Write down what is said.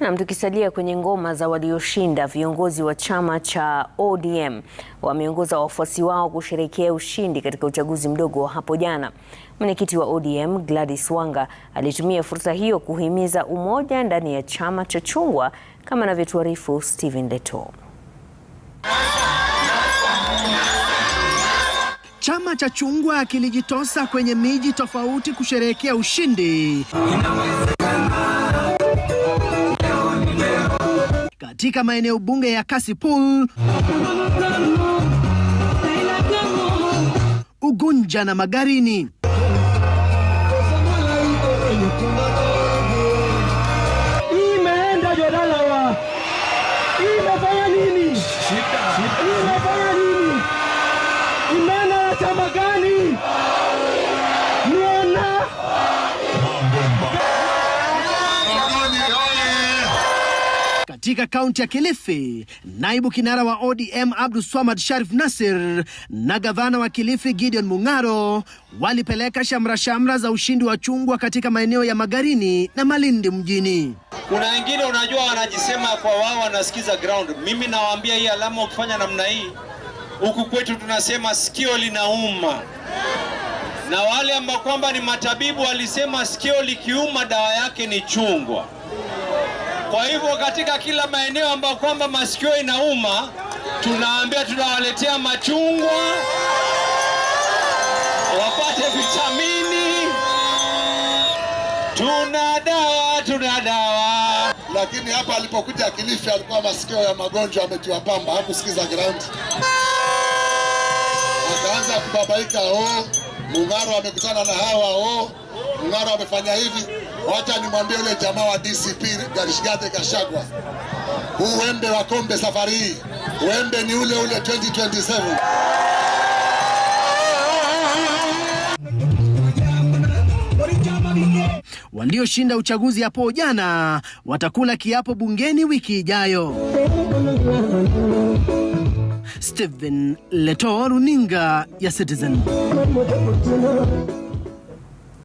Na tukisalia kwenye ngoma za walioshinda, viongozi wa chama cha ODM wameongoza wafuasi wao kusherehekea ushindi katika uchaguzi mdogo wa hapo jana. Mwenyekiti wa ODM Gladys Wanga alitumia fursa hiyo kuhimiza umoja ndani ya chama cha chungwa, kama anavyotuarifu Stephen Leto. Chama cha chungwa kilijitosa kwenye miji tofauti kusherehekea ushindi Inaweze. katika maeneo bunge ya Kasipul, Ugunja na Magarini. Shida. Shida. Shida. Shida. Shida. Shida. Shida. Katika kaunti ya Kilifi, naibu kinara wa ODM Abdu Swamad Sharif Nasir na gavana wa Kilifi Gideon Mung'aro walipeleka shamrashamra za ushindi wa chungwa katika maeneo ya Magarini na Malindi mjini. Kuna wengine unajua, wanajisema kwa wao, wanasikiza ground. Mimi nawaambia hii alama, ukifanya namna hii, huku kwetu tunasema sikio linauma, na wale ambao kwamba ni matabibu walisema sikio likiuma dawa yake ni chungwa. Kwa hivyo katika kila maeneo ambayo kwamba masikio inauma, tunaambia tunawaletea machungwa wapate vitamini. Tuna dawa, tuna dawa. Lakini hapa alipokuja Kilifi alikuwa masikio ya magonjwa ametiwa pamba, hakusikiza ground, akaanza kubabaika oh. Mung'aro amekutana na hawa o, oh, Mung'aro amefanya hivi. Wacha nimwambie yule jamaa wa DCP Garishigate Gashagwa, huu wembe wa kombe safari hii wembe ni ule ule 2027 walioshinda uchaguzi hapo jana watakula kiapo bungeni wiki ijayo. Stephen Leto, runinga ya Citizen.